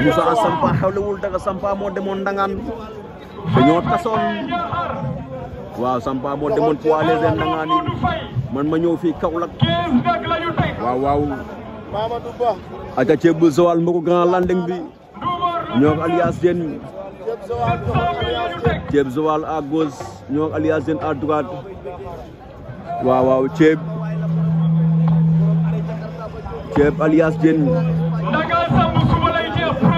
Bisa Sampa xewlewul dara sampah moo demoon Ndangaan dañoo Wah sampah Sampa demon demoon dan léger man ma ñëw wow, Kaolack Ada waaw Mamadou Ba bu grand landing bi ñoo alias Jen. ceeb Agus. à gauche alias Jen à droite waaw waaw ceeb alias Jen.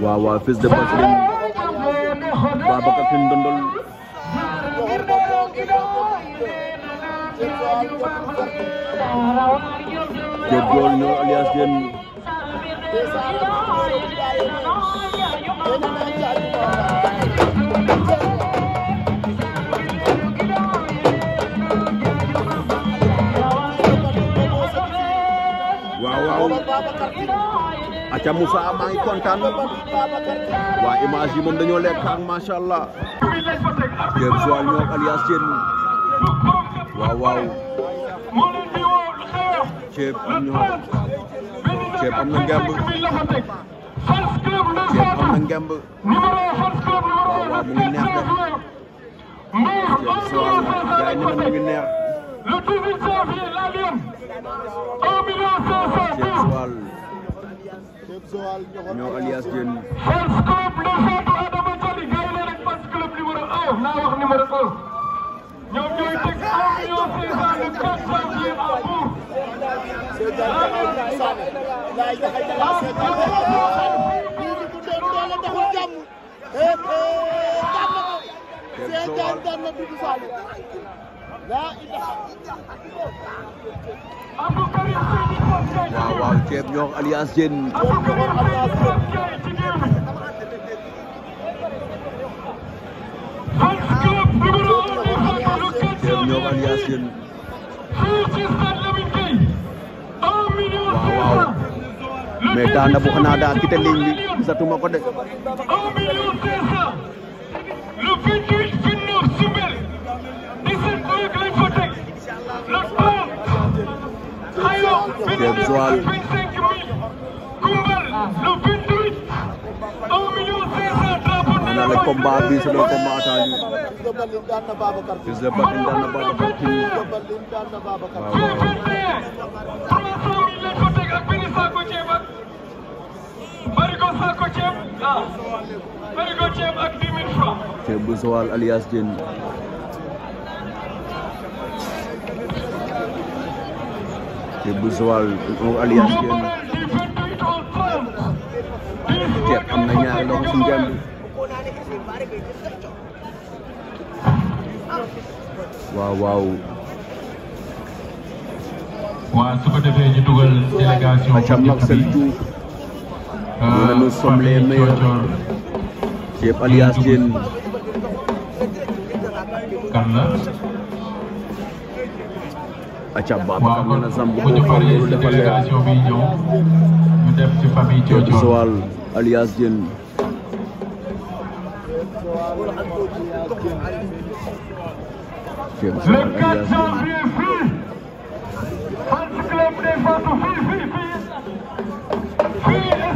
waaw waaw fils de Bathily Babacar Tine Ndondol Diop Diol ñoo alias Diène waaw waaw aca Moussa maa ngi kontaan waa image yi moom dañoo lekk ak macha allah Diop Joal ñoo alias Thierno waaw waaw ceeb am ñoo ceeb am na ngemb am na ngemb waaw waaw mu ngi neex de Diop Joal gaay ne mu ngi neex le 18 janvier la Lyon ñoo alias Diène. Fans club de Fatou Adama Diané gars yi ne rek fans club numéro un naa wax numéro un ñoom ñooy teg un million cinq cent le 4 janvier à Mbour. Abdou waaw waaw ceeb ñoox alliance Diène ceeb ñoox alliance Diène waaw waaw mais daana ko de des Joal maanaam le combat bi c'est le combat attendu Fils de Batling daan na Babacar Tine waaw waaw. ceeb bu Joal alias Diène. te bu Joal Alliance génn ceeb am na ñaari loxo ci njàng waaw waaw waaw su ko defee ñu dugal délégation acam Marcel Diouf euh, acca Babacar nee na Zambou bu ko xamul dafa leer Codé Sowal alias Diène Codé Sowal alias Diène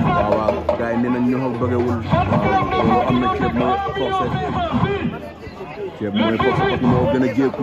waaw waaw gars yi nee nañ ñoo ko bëggewul waaw am na ceeb mooy forcé ceeb mooy forcé moo gën a jékku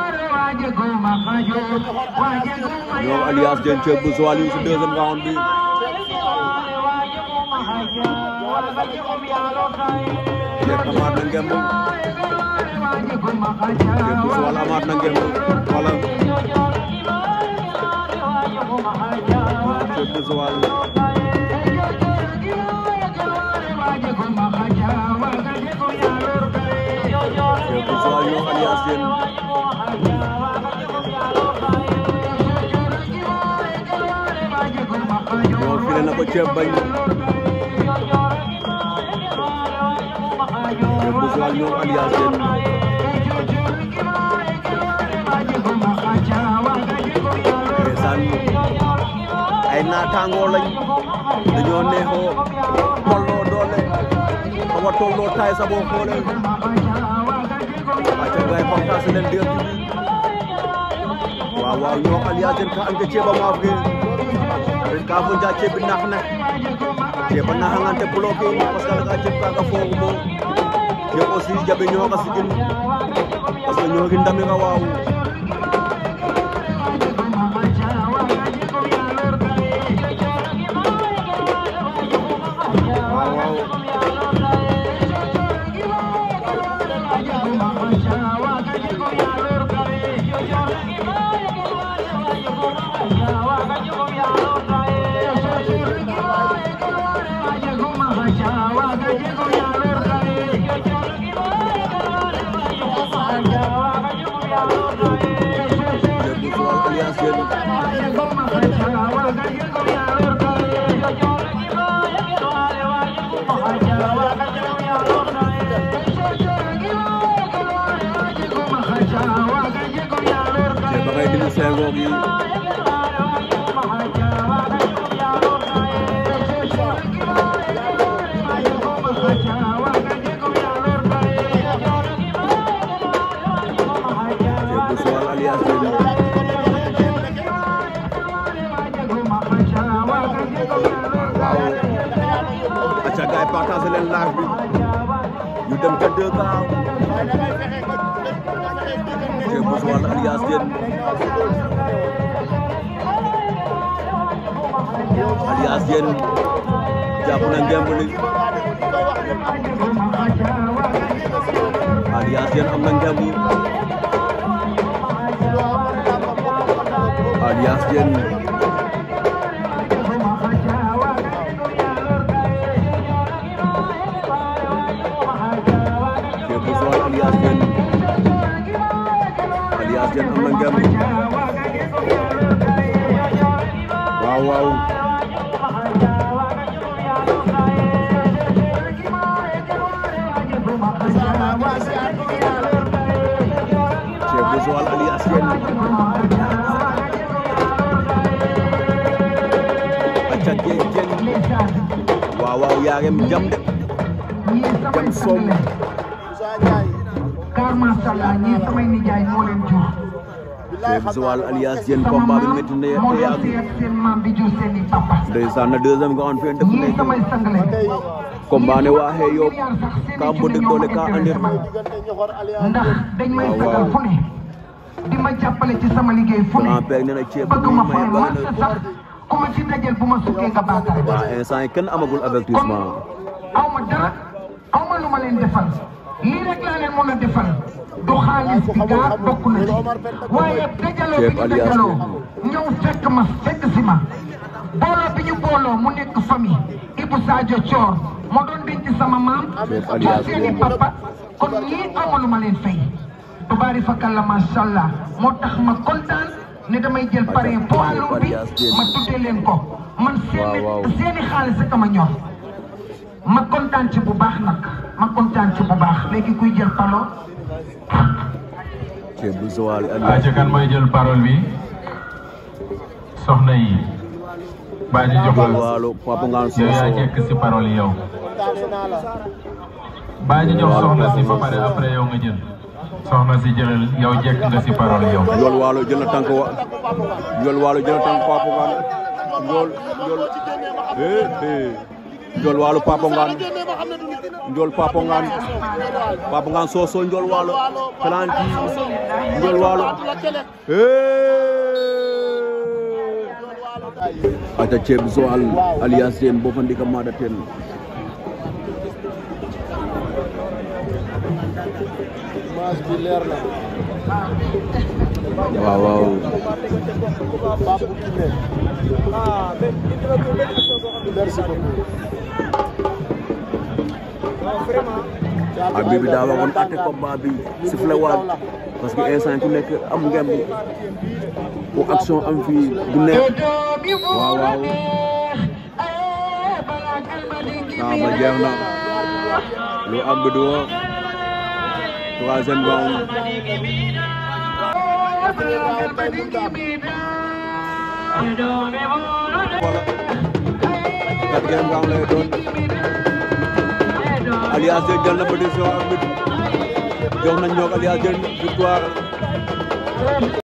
Yo, Elias Jencheb Buswali is does and round B. Jekka Martin Gambo. Jekka Buswala Martin Gambo. Wala. Jekka Buswala. nee ko ceeb bañ ceeb bu suwal ñoom alias den ndeysaan ay naataangoo lañ dañoo neexoo tolloo doole xaw a tolloo taay sa boo ka anke ceeba aɗen kafoji a ceebi nahnak ceeba nahangante bloqué ino par ce que alaga ceeb kaga foogu ndame ka अच्छा गाय पाका सां dem ca 2K Thié Mouss Walo na ngemb li alias Diène ko sooy alias Diène alias Diène am na ngem waaw waaw Thié bu Joal alias Diène acca Diène waaw waaw yaarem jam de jam soom tubaar macha allah ñii samay nijaay moo leen jur. Cheikh Zowal alias Diène combat bi métti na te yàgg. ndeysaan na deuxième nga on fi def nekk. combat ne waaxee yow ka mbënd doole ka ande. ndax dañ may sagal fu ne di ma jàppale ci sama liggéey fu ne. bëgg ma fay man sax ku ma ci dajel bu ma sukkee nga baakaar. waaw instant yi kenn amagul avertissement. aw ma dara aw ma lu ma leen defal. lii rek laa leen mën a defal du xaalis bi bokk na ci waaye dajaloo bi ñu dajaloo ñëw fekk ma fekk si ma booloo bi ñu booloo mu nekk famille Ibou Sadio Thior moo doon denc sama maam ci seeni papa kon ñii amalu ma leen fay tubaari fakal la macha allah moo tax ma kontaan ne damay jël pare poids lourd bi ma tuddee leen ko man seeni seeni xaalis rek ma ñor ma kontaan ci bu baax nag ma kontaan ci jël parole. Aja kan mooy jël parole bi soxna yi baa ñu joxal yow yaa jekk si parole yi yow baa ñu jox soxna si ba pare après yow jël si jëlal yow jekk nga si parole yow. waalo jël na tànk wa yool waalo jël na tànk Pape Ngane njol walu papo ngan njol papo ngan papo ngan soso njol walu kalanti njol walo ata ceeb so al alliance dem bo fa ndika mada ten mas bi leer waaw waaw Abi beaucoup. ak bi daa waxoon atte combat bi sifflé waat parce que instant ku nekk am ngeen bu oh, action am fii du nekk waaw waaw. waaw nah, ba jeex na lu am bi du woo kat ngeen baax lay doon Alias Diène jël na ba décision arbitre jox nañ ñoo ko Alias Diène victoire